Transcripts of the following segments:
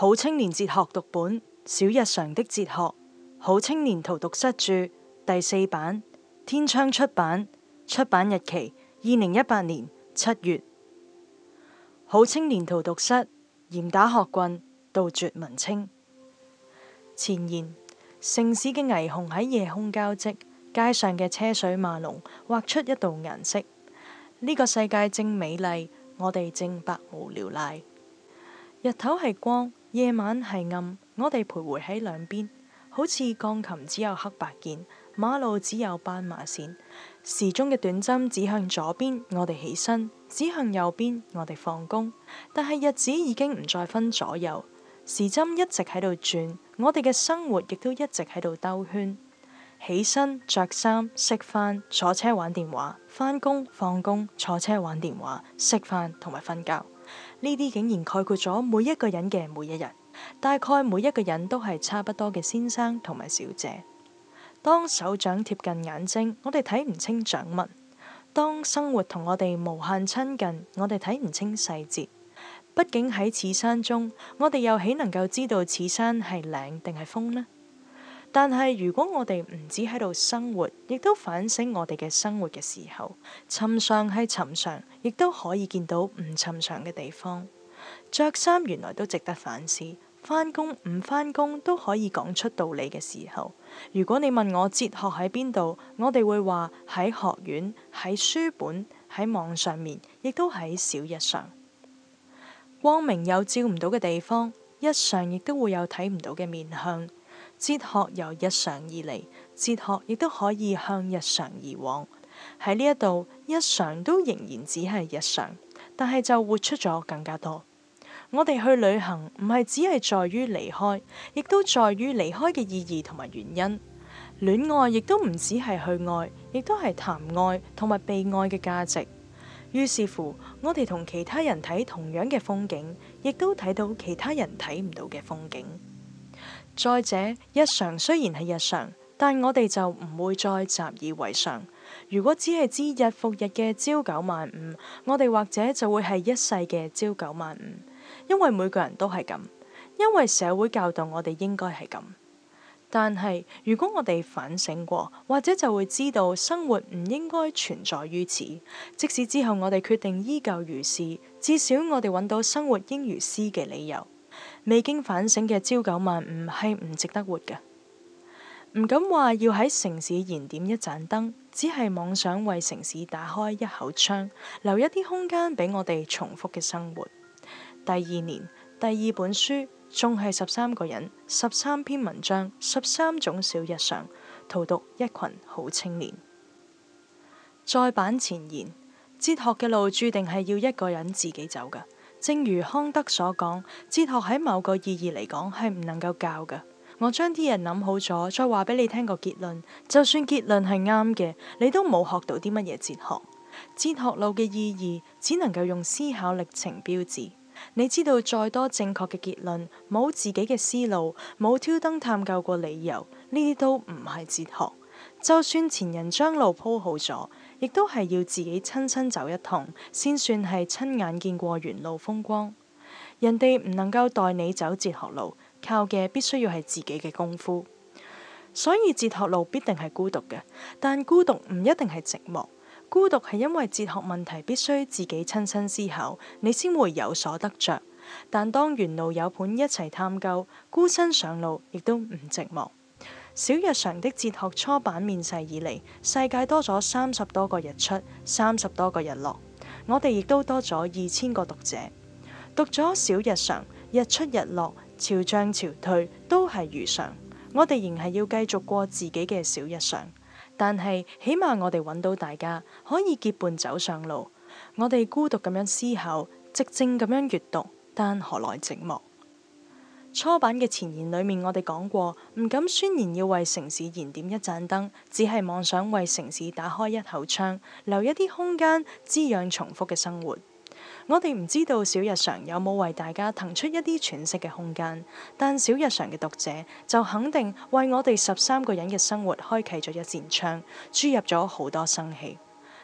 好青年哲學讀本：小日常的哲學，好青年荼毒室著，第四版，天窗出版，出版日期：二零一八年七月。好青年荼毒室嚴打學棍，杜絕文青。前言：城市嘅霓虹喺夜空交織，街上嘅車水馬龍畫出一道顏色。呢個世界正美麗，我哋正百無聊賴。日頭係光，夜晚係暗。我哋徘徊喺兩邊，好似鋼琴只有黑白鍵，馬路只有斑馬線。時鐘嘅短針指向左邊，我哋起身；指向右邊，我哋放工。但係日子已經唔再分左右，時針一直喺度轉，我哋嘅生活亦都一直喺度兜圈。起身着衫、食飯、坐車玩電話、返工、放工、坐車玩電話、食飯同埋瞓覺。呢啲竟然概括咗每一個人嘅每一日，大概每一個人都係差不多嘅先生同埋小姐。當手掌貼近眼睛，我哋睇唔清掌紋；當生活同我哋無限親近，我哋睇唔清細節。畢竟喺此山中，我哋又豈能夠知道此山係嶺定係峰呢？但係，如果我哋唔止喺度生活，亦都反省我哋嘅生活嘅時候，尋常係尋常，亦都可以見到唔尋常嘅地方。着衫，原來都值得反思，返工唔返工都可以講出道理嘅時候。如果你問我哲學喺邊度，我哋會話喺學院、喺書本、喺網上面，亦都喺小日常。光明有照唔到嘅地方，日常亦都會有睇唔到嘅面向。哲學由日常而嚟，哲學亦都可以向日常而往。喺呢一度，日常都仍然只係日常，但係就活出咗更加多。我哋去旅行唔係只係在於離開，亦都在於離開嘅意義同埋原因。戀愛亦都唔只係去愛，亦都係談愛同埋被愛嘅價值。於是乎，我哋同其他人睇同樣嘅風景，亦都睇到其他人睇唔到嘅風景。再者，日常雖然係日常，但我哋就唔會再習以為常。如果只係知日復日嘅朝九晚五，我哋或者就會係一世嘅朝九晚五，因為每個人都係咁，因為社會教導我哋應該係咁。但係如果我哋反省過，或者就會知道生活唔應該存在於此。即使之後我哋決定依舊如是，至少我哋揾到生活應如斯嘅理由。未經反省嘅朝九晚五係唔值得活嘅，唔敢話要喺城市燃點一盞燈，只係妄想為城市打開一口窗，留一啲空間俾我哋重複嘅生活。第二年，第二本書，仲係十三個人，十三篇文章，十三種小日常，荼毒一群好青年。再版前言：哲學嘅路注定係要一個人自己走嘅。正如康德所講，哲學喺某個意義嚟講係唔能夠教㗎。我將啲人諗好咗，再話俾你聽個結論。就算結論係啱嘅，你都冇學到啲乜嘢哲學。哲學路嘅意義，只能夠用思考歷程標誌。你知道再多正確嘅結論，冇自己嘅思路，冇挑燈探究過理由，呢啲都唔係哲學。就算前人將路鋪好咗。亦都係要自己親身走一趟，先算係親眼見過沿路風光。人哋唔能夠代你走哲學路，靠嘅必須要係自己嘅功夫。所以哲學路必定係孤獨嘅，但孤獨唔一定係寂寞。孤獨係因為哲學問題必須自己親身思考，你先會有所得着。但當沿路有伴一齊探究，孤身上路亦都唔寂寞。小日常的哲學，初版面世以嚟，世界多咗三十多個日出，三十多個日落，我哋亦都多咗二千個讀者，讀咗小日常，日出日落，潮漲潮退都係如常，我哋仍係要繼續過自己嘅小日常，但係起碼我哋揾到大家可以結伴走上路，我哋孤獨咁樣思考，寂靜咁樣閱讀，但何來寂寞？初版嘅前言裏面，我哋講過，唔敢宣言，要為城市燃點一盞燈，只係妄想為城市打開一口窗，留一啲空間滋養重複嘅生活。我哋唔知道小日常有冇為大家騰出一啲喘息嘅空間，但小日常嘅讀者就肯定為我哋十三個人嘅生活開啟咗一扇窗，注入咗好多生氣。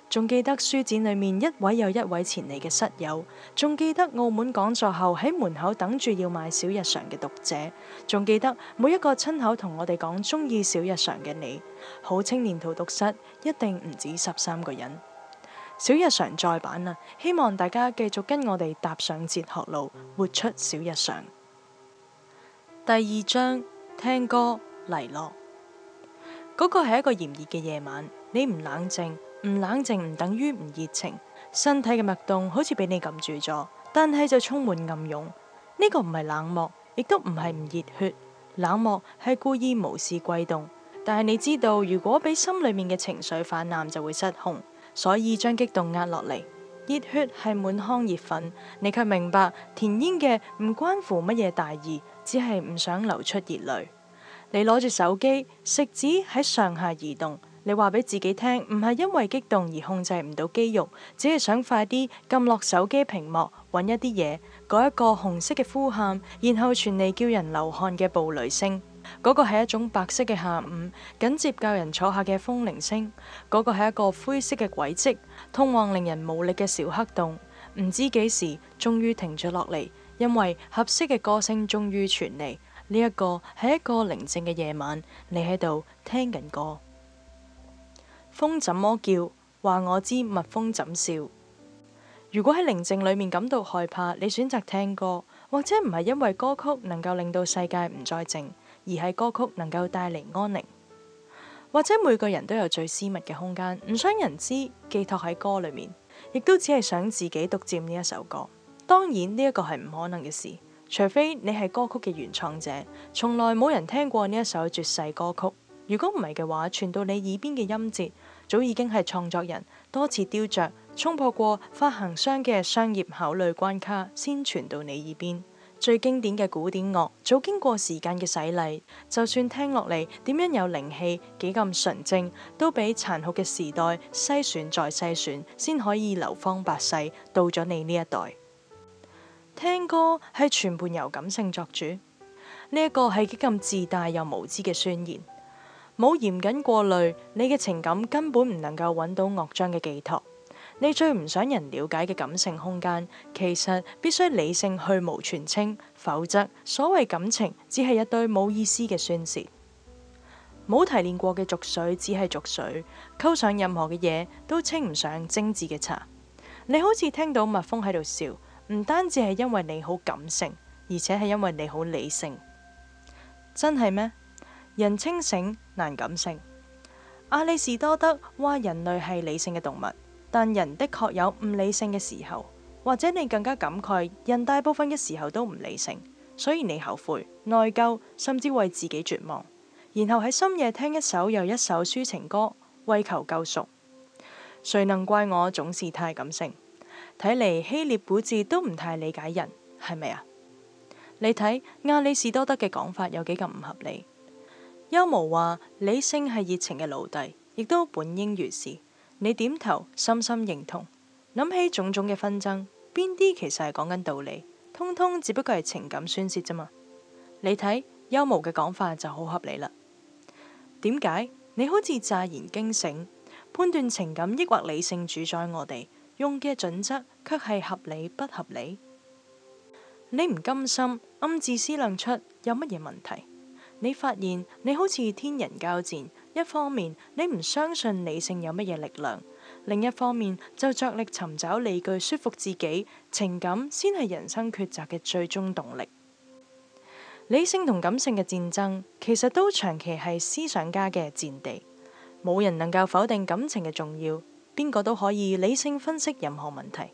仲記得書展裏面一位又一位前嚟嘅室友，仲記得澳門講座後喺門口等住要買小日常嘅讀者，仲記得每一個親口同我哋講中意小日常嘅你，好青年荼毒室一定唔止十三個人。小日常再版啦，希望大家繼續跟我哋踏上哲學路，活出小日常。第二章聽歌嚟落，嗰、那個係一個炎熱嘅夜晚，你唔冷靜。唔冷靜唔等於唔熱情，身體嘅脈動好似俾你撳住咗，但係就充滿暗湧。呢、這個唔係冷漠，亦都唔係唔熱血。冷漠係故意無視悸動，但係你知道如果俾心裏面嘅情緒泛濫就會失控，所以將激動壓落嚟。熱血係滿腔熱憤，你卻明白填膺嘅唔關乎乜嘢大義，只係唔想流出熱淚。你攞住手機食指喺上下移動。你話俾自己聽，唔係因為激動而控製唔到肌肉，只係想快啲撳落手機屏幕，搵一啲嘢，改一個紅色嘅呼喊，然後傳嚟叫人流汗嘅暴雷聲。嗰個係一種白色嘅下午，緊接教人坐下嘅風鈴聲。嗰個係一個灰色嘅軌跡，通往令人無力嘅小黑洞。唔知幾時終於停咗落嚟，因為合適嘅歌聲終於傳嚟。呢一個係一個寧靜嘅夜晚，你喺度聽緊歌。風怎麼叫，話我知蜜蜂怎笑？如果喺寧靜裏面感到害怕，你選擇聽歌，或者唔係因為歌曲能夠令到世界唔再靜，而係歌曲能夠帶嚟安寧。或者每個人都有最私密嘅空間，唔想人知，寄託喺歌裏面，亦都只係想自己獨佔呢一首歌。當然呢一個係唔可能嘅事，除非你係歌曲嘅原創者，從來冇人聽過呢一首絕世歌曲。如果唔係嘅話，傳到你耳邊嘅音節，早已經係創作人多次雕琢、衝破過發行商嘅商業考慮關卡，先傳到你耳邊。最經典嘅古典樂，早經過時間嘅洗禮，就算聽落嚟點樣有靈氣、幾咁純正，都俾殘酷嘅時代篩選再篩選，先可以流芳百世。到咗你呢一代，聽歌係全盤由感性作主，呢一個係幾咁自大又無知嘅宣言。冇嚴謹過濾，你嘅情感根本唔能夠揾到樂章嘅寄託。你最唔想人了解嘅感性空間，其實必須理性去無全清，否則所謂感情只係一堆冇意思嘅宣洩。冇提煉過嘅濁水只係濁水，溝上任何嘅嘢都稱唔上精緻嘅茶。你好似聽到蜜蜂喺度笑，唔單止係因為你好感性，而且係因為你好理性。真係咩？人清醒難感性，阿里士多德話人類係理性嘅動物，但人的確有唔理性嘅時候。或者你更加感慨，人大部分嘅時候都唔理性，所以你後悔、內疚，甚至為自己絕望。然後喺深夜聽一首又一首抒情歌，為求救贖。誰能怪我總是太感性？睇嚟希臘古哲都唔太理解人，係咪啊？你睇阿里士多德嘅講法有幾咁唔合理？休謨話理性係熱情嘅奴隸，亦都本應如是。你點頭，深深認同。諗起種種嘅紛爭，邊啲其實係講緊道理？通通只不過係情感宣洩啫嘛。你睇休謨嘅講法就好合理啦。點解？你好似乍然驚醒，判斷情感抑或理性主宰我哋用嘅準則，卻係合理不合理？你唔甘心暗自思量出有乜嘢問題？你發現你好似天人交戰，一方面你唔相信理性有乜嘢力量，另一方面就着力尋找理據說服自己，情感先係人生抉擇嘅最終動力。理性同感性嘅戰爭其實都長期係思想家嘅戰地，冇人能夠否定感情嘅重要，邊個都可以理性分析任何問題，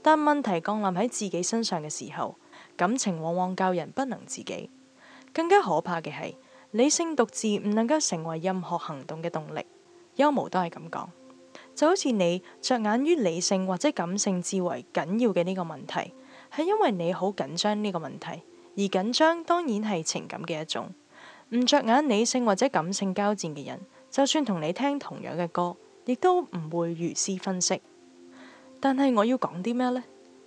但問題降臨喺自己身上嘅時候，感情往往教人不能自己。更加可怕嘅，係理性獨自唔能夠成為任何行動嘅動力。休謨都係咁講，就好似你着眼於理性或者感性至為緊要嘅呢個問題，係因為你好緊張呢個問題，而緊張當然係情感嘅一種。唔着眼理性或者感性交戰嘅人，就算同你聽同樣嘅歌，亦都唔會如斯分析。但係我要講啲咩呢？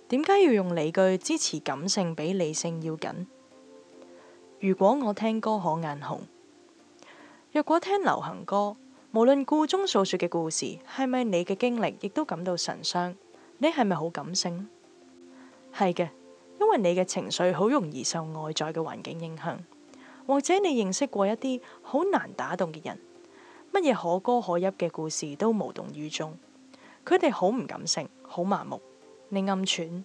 點解要用理據支持感性比理性要緊？如果我聽歌可眼紅，若果聽流行歌，無論歌中訴說嘅故事係咪你嘅經歷，亦都感到神傷，你係咪好感性？係嘅，因為你嘅情緒好容易受外在嘅環境影響，或者你認識過一啲好難打動嘅人，乜嘢可歌可泣嘅故事都無動於衷，佢哋好唔感性，好麻木，你暗喘。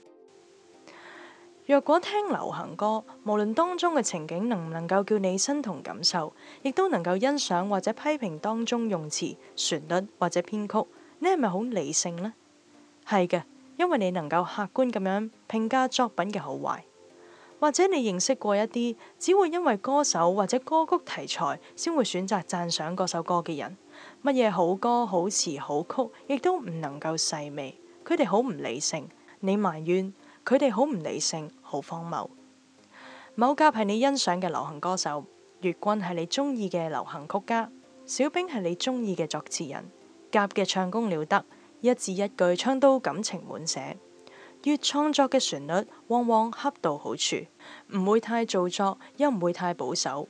若果聽流行歌，無論當中嘅情景能唔能夠叫你身同感受，亦都能夠欣賞或者批評當中用詞、旋律或者編曲，你係咪好理性呢？係嘅，因為你能夠客觀咁樣評價作品嘅好壞，或者你認識過一啲只會因為歌手或者歌曲題材先會選擇讚，讚賞嗰首歌嘅人，乜嘢好歌好詞好曲，亦都唔能夠細味。佢哋好唔理性。你埋怨。佢哋好唔理性，好荒謬。某甲係你欣賞嘅流行歌手，乙係你中意嘅流行曲家，小丙係你中意嘅作詞人。甲嘅唱功了得，一字一句唱到感情滿瀉；乙創作嘅旋律往往恰到好處，唔會太做作，又唔會太保守。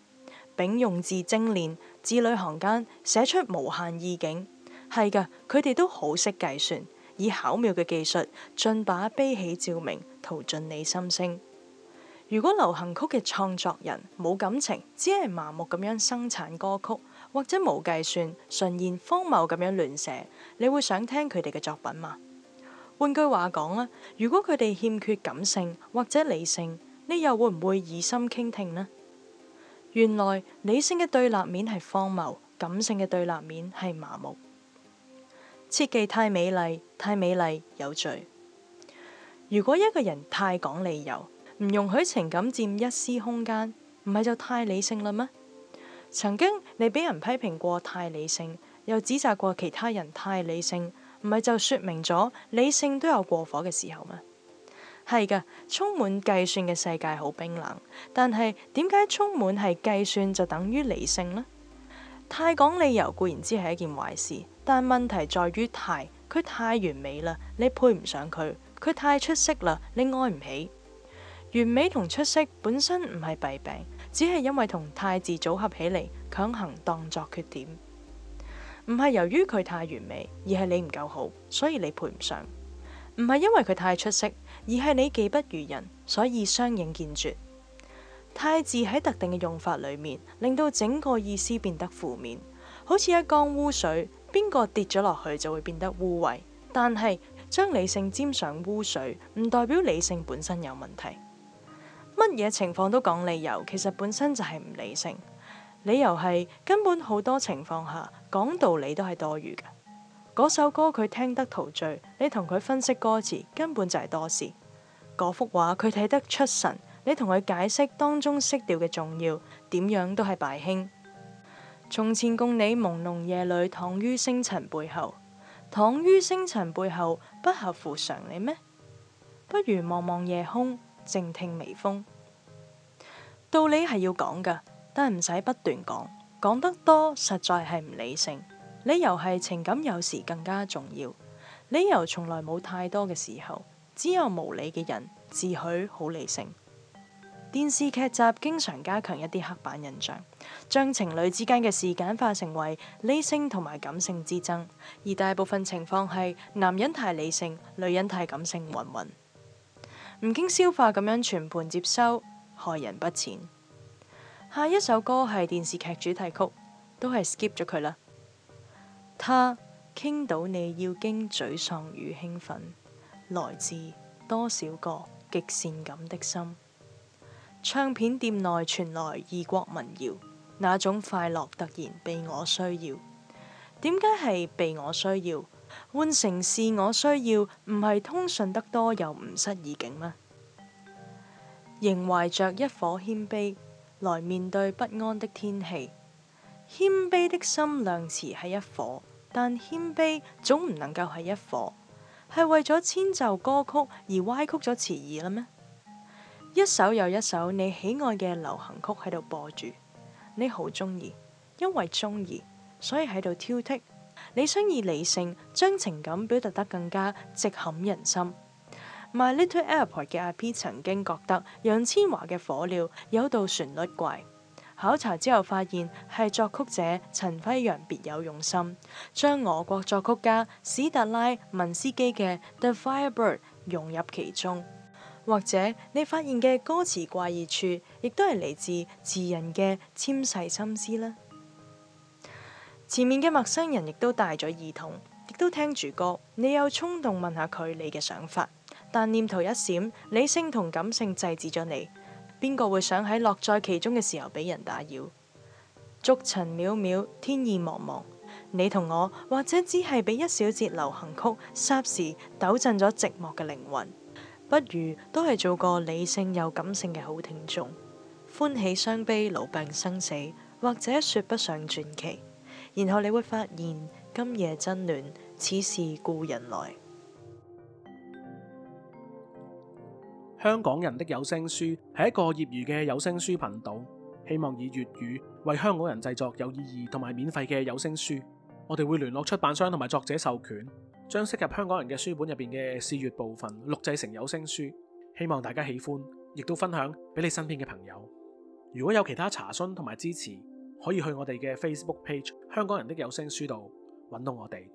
丙用字精煉，字裏行間寫出無限意境。係嘅，佢哋都好識計算。以巧妙嘅技術，盡把悲喜照明，陶盡你心聲。如果流行曲嘅創作人冇感情，只係麻木咁樣生產歌曲，或者冇計算、純然荒謬咁樣亂寫，你會想聽佢哋嘅作品嗎？換句話講啦，如果佢哋欠缺感性或者理性，你又會唔會以心傾聽呢？原來理性嘅對立面係荒謬，感性嘅對立面係麻木。設計太美麗，太美麗有罪。如果一個人太講理由，唔容許情感占一絲空間，唔係就太理性啦咩？曾經你俾人批評過太理性，又指責過其他人太理性，唔係就說明咗理性都有過火嘅時候咩？係嘅，充滿計算嘅世界好冰冷，但係點解充滿係計算就等於理性呢？太講理由固然之係一件壞事。但問題在於太，佢太完美啦，你配唔上佢；佢太出色啦，你愛唔起。完美同出色本身唔係弊病，只係因為同太字組合起嚟，強行當作缺點。唔係由於佢太完美，而係你唔夠好，所以你配唔上；唔係因為佢太出色，而係你技不如人，所以相形見絀。太字喺特定嘅用法裏面，令到整個意思變得負面，好似一缸污水。邊個跌咗落去就會變得污穢，但係將理性沾上污水，唔代表理性本身有問題。乜嘢情況都講理由，其實本身就係唔理性。理由係根本好多情況下講道理都係多餘嘅。嗰首歌佢聽得陶醉，你同佢分析歌詞，根本就係多事。嗰幅畫佢睇得出神，你同佢解釋當中色調嘅重要，點樣都係敗興。從前共你朦朧夜裏躺於星辰背後，躺於星辰背後，不合乎常理咩？不如望望夜空，靜聽微風。道理係要講㗎，但唔使不，不斷講，講得多實在係唔理性。理由係情感有時更加重要，理由從來冇太多嘅時候，只有無理嘅人自許好理性。電視劇集經常加強一啲刻板印象，將情侶之間嘅事簡化成為理性同埋感性之爭，而大部分情況係男人太理性，女人太感性云云，混混唔經消化咁樣全盤接收，害人不淺。下一首歌係電視劇主題曲，都係 skip 咗佢啦。他傾到你要經沮喪與興奮，來自多少個極善感的心。唱片店內傳來異國民謠，那種快樂突然被我需要。點解係被我需要？換成是我需要，唔係通順得多又唔失意境咩？仍懷着一顆謙卑來面對不安的天氣。謙卑的心量詞係一顆，但謙卑總唔能夠係一顆，係為咗遷就歌曲而歪曲咗詞義啦咩？一首又一首你喜愛嘅流行曲喺度播住，你好中意，因為中意，所以喺度挑剔。你想以理性將情感表達得更加直撼人心。My Little Airport 嘅 I P 曾經覺得楊千嬅嘅火鳥有道旋律怪，考察之後發現係作曲者陳輝陽別有用心，將俄國作曲家史特拉文斯基嘅 The Firebird 融入其中。或者你發現嘅歌詞怪異處，亦都係嚟自詞人嘅纖細心思呢。前面嘅陌生人亦都帶咗耳筒，亦都聽住歌。你有衝動問，問下佢你嘅想法，但念頭一閃，理性同感性制止咗你。邊個會想喺樂在其中嘅時候俾人打擾？俗塵渺渺，天意茫茫。你同我，或者只係俾一小節流行曲，霎時抖震咗寂寞嘅靈魂。不如都係做個理性又感性嘅好聽眾，歡喜傷悲，老病生死，或者説不上傳奇。然後你會發現今夜真暖，此事故人來。香港人的有聲書係一個業餘嘅有聲書頻道，希望以粵語為香港人製作有意義同埋免費嘅有聲書。我哋會聯絡出版商同埋作者授權。將適合香港人嘅書本入邊嘅試閱部分錄製成有聲書，希望大家喜歡，亦都分享俾你身邊嘅朋友。如果有其他查詢同埋支持，可以去我哋嘅 Facebook page《香港人的有聲書》度揾到我哋。